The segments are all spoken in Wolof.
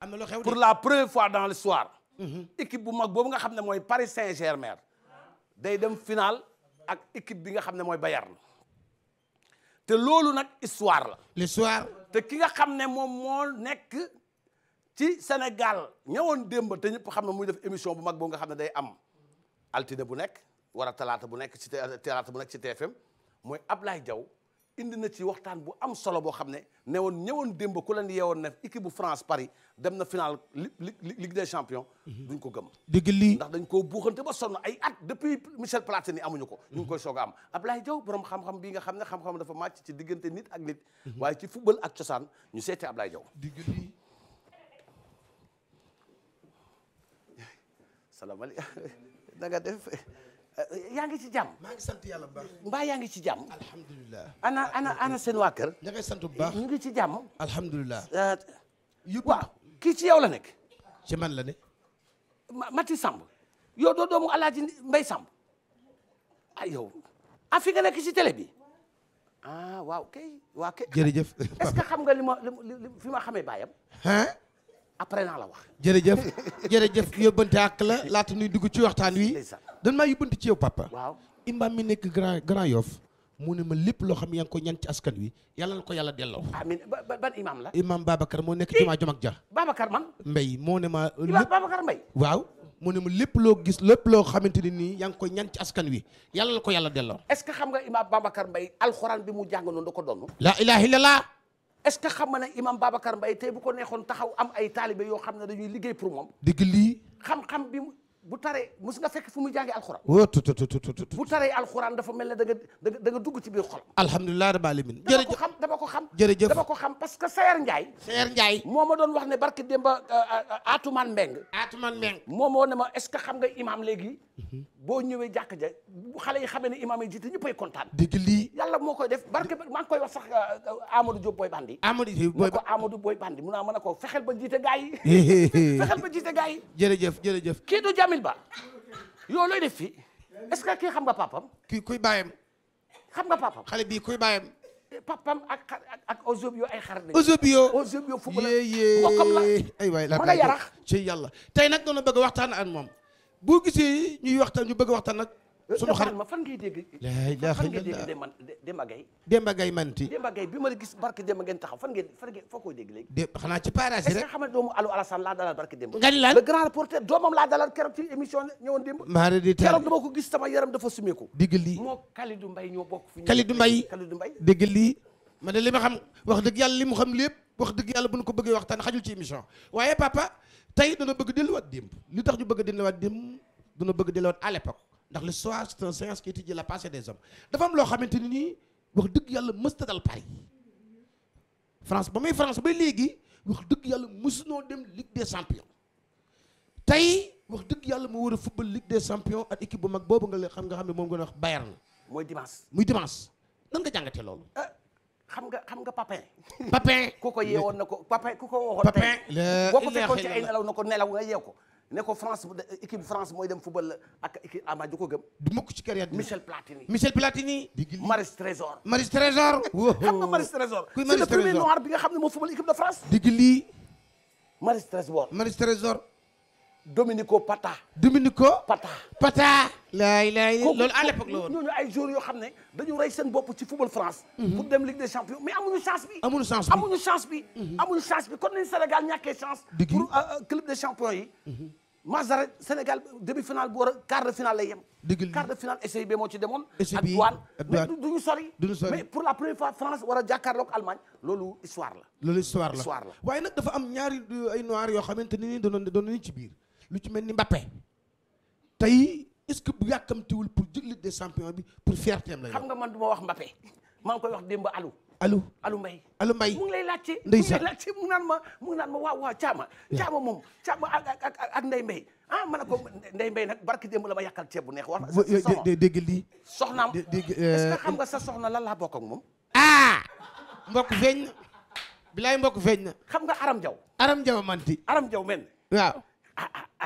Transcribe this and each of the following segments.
am na lu pour la première fois dans l'histoire équipe bu mag boobu nga xam ne mooy Paris Saint-Germain day dem final ak équipe bi nga xam ne mooy Bayern te loolu nag histoire la l'histoire te ki nga xam ne moom moo nekk ci Sénégal ñëwoon démb te ñëpp xam ne muy def émission bu mag boobu nga xam ne day am altine bu nekk war a talaata bu nekk ci talaata bu nekk ci TFM mooy Ablaye Diaw indi na ci waxtaan bu am solo boo xam ne ne woon ñëwoon démb ku leen yeewoon ne équipe bu France Paris dem na final Ligue des champions mhm. duñ ko gëm dëgg lii ndax dañ koo buuxante ba sonn ay at depuis Michel Platini amuñu ko ñu ngi mhm. koy soog a am Ablaye jaw borom xam-xam bii nga xam ne xam-xam dafa màcc ci diggante nit ak nit mhm. waaye ci football ak cosaan ñu seeti ab Diaw dëgg lii salaamaaleykum na nga def Eh, yaa ngi ci jàmm. maa sant yàlla bu baax. mbaa yaa ngi ci jàmm. alhamdulilah. ana ana seen waa kër. sant bu baax ñu ngi ci jàmm. alhamdulilah. Eh, yu kii ci yow la nekk. ci man la ne. Mati Samb yow doo doomu Alaaji Mbay Samb ay ah, yow ah fi nga nekk ci télé bi ah waaw kay waaw kay. jërëjëf est que xam nga li ma fi ma xamee baayam. après naa la wax. jërëjëf jërëjëf yóbbante ak la laata nuy dugg ci waxtaan wi. dañ maa yóbbante ci yow papa. waaw mi nekk grand grand yoff mu ne ma lépp loo xam yaa ngi ko ñan ci askan wi yàlla na ko yàlla delloo. amiin ban imam la. imam Babacar moo nekk jumaa jom ak ja. Babacar man. Mbay moo ne ma. imam Babacar Mbay. waaw mu ne ma lépp loo gis lépp loo xamante ne nii yaa ngi koy ñan ci askan wi yàlla na ko yàlla delloo. est-ce que xam nga imam Babacar Mbay alxuraan bi mu jàng noonu da ko doon. la ilaha illallah. est-ce que xam nga ne imam Babacar Mbay tey bu ko neexoon taxaw am ay taalibe yoo xam ne dañuy liggéey pour moom. dëgg lii. xam-xam bi bu taree mus nga fekk fu muy jàngee alxuraan. wóo oh, tu tu tu tu bu taree alxuraan dafa mel ne da nga da nga dugg ci biir xol. alhamdulilah rabbil alamin jërëjëf dama ko xam. jërëjëf dama ko xam parce que Sayer Ndiaye. Sayer Ndiaye. moo ma doon wax ne barke Demba euh, euh, Atuman Mbeng. Atuman Mbeng. moo ma woon ne ma est ce que xam nga imaam léegi. boo ñëwee jàkka ja bu xale yi xamee ne imam yi jiite ñëppay kontaan. dëgg lii yàlla moo koy def barke maa ngi koy wax sax euh, Amadou Diop Boy Bandi. Amadou Diop Boy ko Amadou Boy Bandi mun naa mën a ko fexeel ba jiite gaay yi. fexeel ba jiite gaa yi. jërëjëf jërëjëf. kii du Jamil Ba yow looy def fi est ce que kii xam nga papam kii kuy bàyyam xam nga papam xale bii kuy bàyyam papam ak ak ak ay xar lañu. Ozobio Ozobio fu mu la mbokkam la ay waay la mën a yarax ci yàlla tey nag doon na bëgg waxtaan ak moom boo gisee ñuy waxtaan ñu bëgg waxtaan nag suñu xarit ma fan ngay dégg. la ilaha dégg Demba ma gis barke Demba ngeen taxaw fan ngeen fan ngeen foo koy dégg léegi. de xanaa ci parage rek est-ce que xam nga doomu Alou ko gis sama yaram dafa sumeeku. ne li ma xam wax dëgg yàlla li mu xam lépp wax dëgg yàlla bu ñu ko bëggee waxtaan xajul ci émission waaye papa tey dana bëgg delluwaat démb li tax ñu bëgg delluwaat démb dana bëgg delluwaat à l'époque ndax l'histoire c'est une science qui étudie la passé des hommes dafa loo xamante ni nii wax dëgg yàlla mësta dal Paris France ba muy France ba léegi wax dëgg yàlla mësunoo dem Ligue des champions tey wax dëgg yàlla mu war a football Ligue des champions ak équipe bu mag boobu nga leen xam nga xam ne moom nga wax Bayern mooy dimanche muy dimanche nan nga jàngatee loolu ah, xam nga xam nga Papin. Papin ku ko yeewoon na ko Papin ku ko waxoon tey boo ko fekkoon ci ay nelaw na ko nelaw nga yeew ko ne ko France équipe France mooy dem football la ak équipe ama du ko gëm. du mukk ci carrière Michel Platini. Michel Platini. digg Maris Trésor. Maris Trésor. c'est le premier noir bi nga xam ne moo football équipe de France. digg lii. Trésor. Dominico Pata. Dominico. Pata Pata. laa ilaaha illallaah loolu à l'époque ay joueurs yoo xam ne dañu rey seen bopp ci football France. Mhm. pour dem Ligue des champions mais a chance bi. amuñu chance bi amuñu chance bi. Mhm. chance bi kon ni Sénégal ñàkkee chance. pour euh, euh, club des champions yi. Mhm. Mazaret Sénégal demi finale bu war a quart de finale lay yem. quart de finale essai bi moo ci demoon. ak Douane mais du la première fois France war a jàkkaarloog Allemagne loolu histoire la. waaye nag dafa am ñaari ay noirs yoo xamante ni doon doon nañu ci biir. lu ci mel ni Mbappé tey est-ce que bu yàkkamtiwul pour jël Ligue des bi pour fierté am la xam nga man du ma wax Mbappé maa ngi koy wax démb alu alu mbay alu mbay mu lay laaj ndeysaan mu lay laajte mu naan ma mu naan ma moom caama nday mbay ma ne ko nday mbay nag barki démb la ma yàqal ceeb bu neex war dégg lii soxnaam est euh, xam nga sa soxna lan laa bokk ak moom ah mbokk feeñ na bilaay mbokk feeñ na xam nga aram jaw aram jaw manti aram jaw men waaw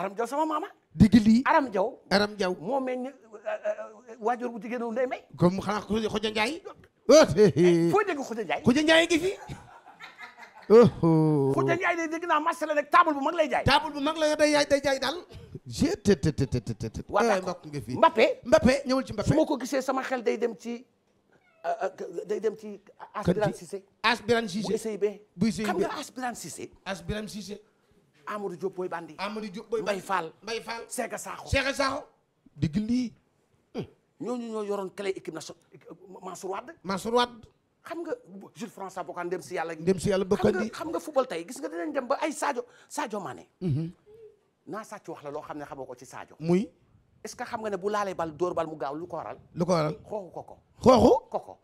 Aram Jaw sama maama. digg lii Aram Jaw Aram Jaw moo meññ euh, euh, waajur bu jigéen wu Ndeye Mbaye. comme xanaa Khoudia Ndiaye. Eh, oh, foo dégg Khoudia Ndiaye. Khoudia Ndiaye ngi fi. Oh, Khoudia Ndiaye de dégg naa marché la rek table bu mag lay jaay. table bu mag la day jaay day jaay daal. je te te te te te te. Eh, waaw mbokk nga fi Mbappé. Mbappé ñëwul ci Mbappé. su ma ko gisee sama xel day dem ci euh, day dem ci. Aspiran Cissé. Aspiran Cissé bu SIB. bu SIB xam nga Aspiran Cissé. Aspiran Cissé. Amadou Diop booy bandi. Amadou Diop booy bandi Mbaye Fall. Mbaye Fall Sega Sakho. Sega Sakho. digg lii. Hmm. ñooñu ñoo yoroon clé équipe nationale Mansour Wade. Mansour Wade. xam nga Jules François Bocandé dem si yàlla. dem si yàlla Bocandé xam nga football tey gis nga dinañ dem ba ay Sadio Sadio Mané. Mhm. naa sàcc wax la loo xam ne xamoo ko ci saajo muy. est-ce que xam nga ne bu laalee bal dóor bal mu gaaw lu ko waral. lu ko waral xooxu koko. xooxu koko.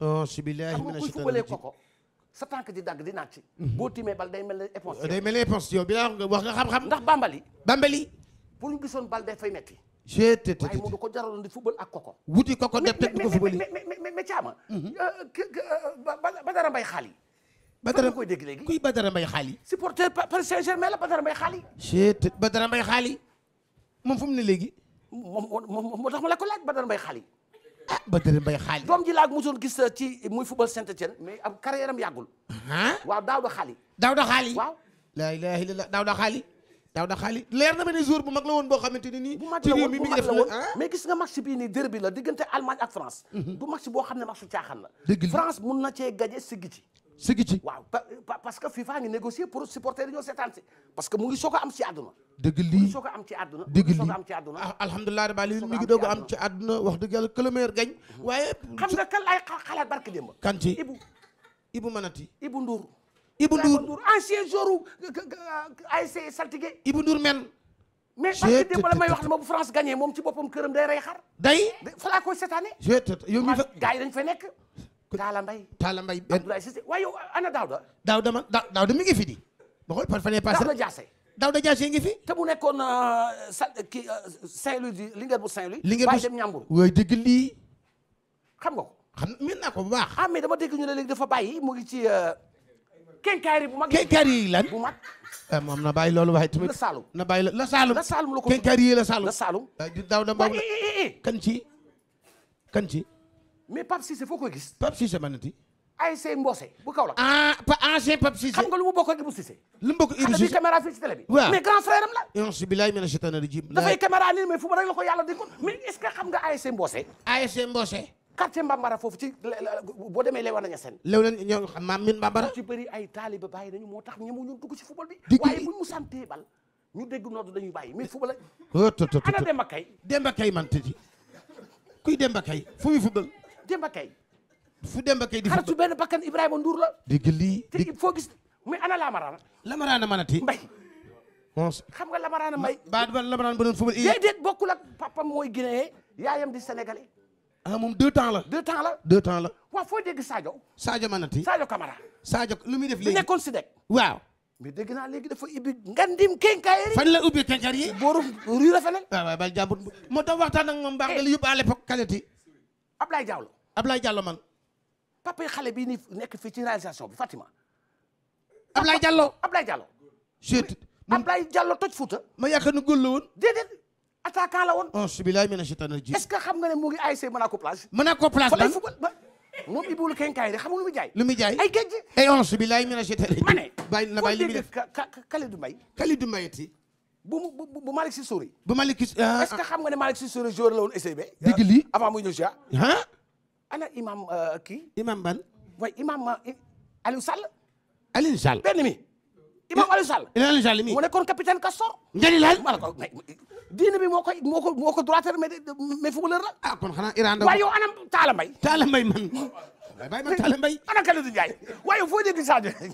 oh sibilahi mina shaytaani rajim xam nga koko. sa tànk di dagg di naat ci. boo tiimee bal day mel ne éponge. day mel ne yow bi wax nga xam-xam. ndax bambali. bambali. pour ñu gisoon bal day fay metti je te te waaye moom du ko jaraloon di football ak koko. wuti koko def teg du ko football mais mais mais mais caama. Mhm. Euh, euh, Badara Mbaye xaal yi. Badara koy dégg léegi kuy Badara Mbaye xaal yi. supporter Paris Saint-Germain la Badara Mbaye xaal yi. je te Badara Mbaye xaal yi moom fu mu ne léegi. moom moo tax ma la ko laaj Badara Mbaye xaal Ah, ba Badara Mbaye xaali doom ji laa mosoon gis euh, ci muy football Saint-Étienne mais am carrière am yàggul waaw Daouda Xaali Daouda Xaali waaw laa ilaaha illallaah Daouda Xaali Daouda Xaali leer na ma ne jour bu mag la woon boo xamante ne nii bu mag la woon bu mag la woon ah? mais gis nga match bii nii derby la diggante Allemagne ak France mhm. du match boo xam ne match su caaxaan la France mun na cee gaje siggi ci sigi ci waaw parce que FIFA ngi négocier pour supporter ñoo seetaan si parce que mu ngi soog a am ci àdduna dëgg lii mu ngi soog a am ci àdduna dëgg lii am ci àdduna ah, alhamdulilah rabbil mi ngi a am ci àdduna wax dëgg yàlla que le meilleur gagne mhm. waaye xam nga kan laay xalaat barke démb kan ci Ibu Ibu Manati Ibu Ndour Ibu Ndour ancien joueur euh, ASC Saltigué Ibu Ndour men mais barke démb la may wax ma bu France gagné moom ci boppam këram day rey xar day fa koy seetaane yow mi fa gars yi dañ fay nekk Talla Mbaye Talla Mbaye Abdoulaye Cissé waaye yow ana Daouda Daouda man Daouda mi ngi fi di ba xool par fan passé Daouda Diassé Daouda Diassé ngi fi te bu nekkoon euh, sa kii euh, Saint-Louis di Linguère bu Saint-Louis Linguère bu dem Ñambur waaye dëgg lii xam nga ko xam mën naa ko bu baax ah mais dama dégg ñu ne dafa bàyyi mu ngi ci euh, kenkaari bu mag yi lan bu mag ah, moom na bàyyi loolu waaye tamit la Saloum na bàyyi la Saloum la Saalum la ko kenkaari yi la Saloum la Saloum ah, Daouda Mbaye eh, eh, eh. kan ci kan ci mais Pape Cissé foo koy gis. Pape Cissé man nati. ASC Mbose bu Kaolack. ah pa ancien Pape Cissé. xam nga lu mu bokk ak Ibou lu mu bokk ak Ibou Cissé caméra fii ci télé bi. waaw mais grand frère am la. non si bilaay foofu ci boo demee Léona Niassène. Léona ñoo maam min Mbambara. ay taaliba bàyyi nañu moo tax ñemu ñu dugg ci football bi. waaye bu mu bal ñu dégg nodd dañuy bàyyi mais football oh, ana Demba Kay. Demba Kay man tëji kuy Demba Kay fu Demba Kay. fu Demba Kay di fa xaritu benn bakkan Ibrahima Ndour la. dégg lii te il faut gis muy ana Lamarana. Lamarana manati mbay. xam nga Lamarana mbay. ba ba Lamarana ba doon fubal. déedéet bokkul ak papam mooy di Sénégalais. ah moom deux temps la. deux temps la deux temps la. waaw foo dégg Sadio. Sadio manati Sadio Camara. Sadio lu muy def léegi nekkoon si waaw. mais dégg naa léegi dafa ibi ngandim kenkaayar yi. fan la ubbi kenkaayar yi. booru rue la feneen. waaw waaw bal moo tax waxtaan moom baax na eh. li yóbbu à l'époque Ablaye Diallo Ablaye Diallo man. papa xale bii nii nekk fii ci réalisation bi Fatima. Ablaye Diallo Ablaye Diallo. chute Ablaye Diallo toj Fouta. ma yaakaar ne góor la woon. déedéet attaquant la woon. auzu oh, billaahi mina est-ce que xam nga ne mu ngi ASC Monaco Plage. Monaco Plage lan fa lay football ba. moom Ibou Kenkaay de xam nga lu muy jaay. lu muy jaay ay géej. ay auzu billaahi mina shaytaani rajiim. ma ne bàyyi na bàyyi li muy def Kalidou Mbaye. Kalidou Mbaye ti. bu bu bu Malick Sy Souris. bu Malick Sy ah, est-ce que ah. xam nga ne Malick Sy Souris joueur la woon SCB. Ah, ana imam euh, kii. imam ban. mooy imam euh, Aliou Sall. Aliou Sall benn mi. imam Aliou Sall. Aliou Sall mi mu nekkoon capitaine Castor. njëriñ laal ma ko bi moo koy moo ko moo ko droiteur mais mais footballeur la. ah kon xanaa Iran da. waaye yow anam Talla Mbaye. man. waaye bàyyi ma Talla Mbaye. ana Kalidou waaye foo dégg Sadio.